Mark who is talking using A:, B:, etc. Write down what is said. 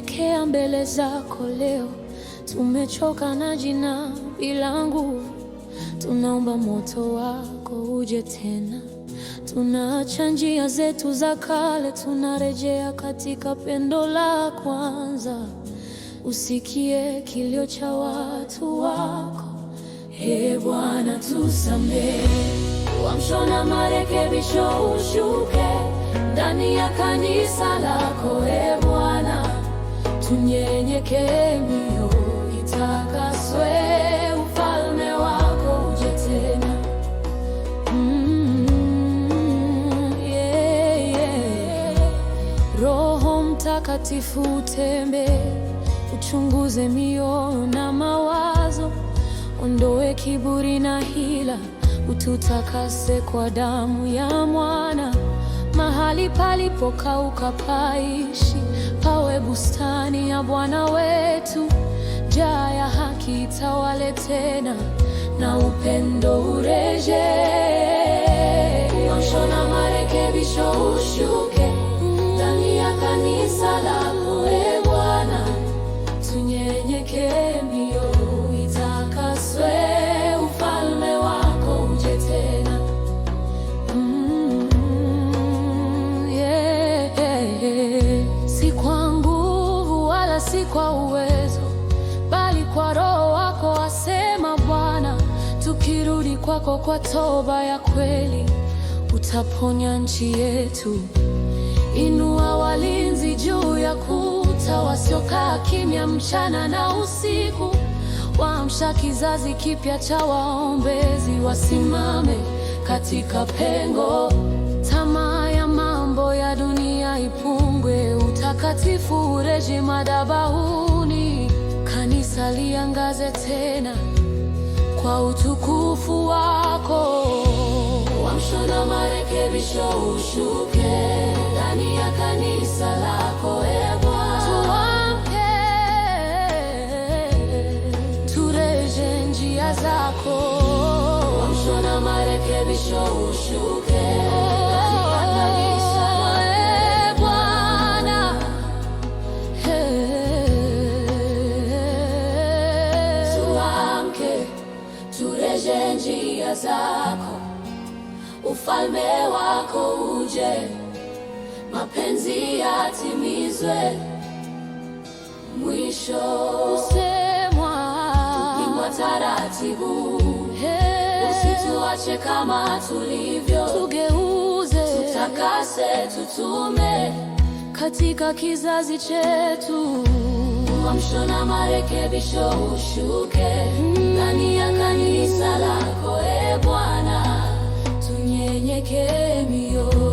A: tunanyenyekea mbele zako leo, tumechoka na jina bila nguvu, tunaomba moto wako uje tena. Tunaacha njia zetu za kale, tunarejea katika pendo la kwanza. Usikie kilio cha watu wako,
B: Ee Bwana, tusamehe. Uamsho na marekebisho ushuke ndani ya kanisa lako, Ee tunyenyekee mioyo, itakaswe, ufalme wako uje tena. Mm,
A: yeah, yeah. Roho Mtakatifu utembee, uchunguze mioyo na mawazo, ondoe kiburi na hila, ututakase kwa damu ya Mwana. Mahali palipokauka paishi, pawe bustani na Bwana wetu, njaa ya haki itawale tena, na upendo ureje si kwa uwezo, bali kwa Roho wako, asema Bwana. Tukirudi kwako kwa toba ya kweli, utaponya nchi yetu. Inua walinzi juu ya kuta, wasiokaa kimya mchana na usiku, waamsha kizazi kipya cha waombezi, wasimame katika pengo mtakatifu ureje madhabahuni, kanisa liangaze tena kwa utukufu wako.
B: Uamsho na marekebisho ushuke ndani ya kanisa lako, e Bwana,
A: tuamke tureje njia zako.
B: Uamsho na marekebisho ushuke tureje njia zako, ufalme wako uje, mapenzi yatimizwe. Mwisho
A: usemwa,
B: tupimwa taratibu. Hey, usituache kama tulivyo,
A: tugeuze,
B: tutakase, tutume katika kizazi chetu Uamsho na marekebisho ushuke ndani ya kanisa lako, e Bwana, tunyenyekee mioyo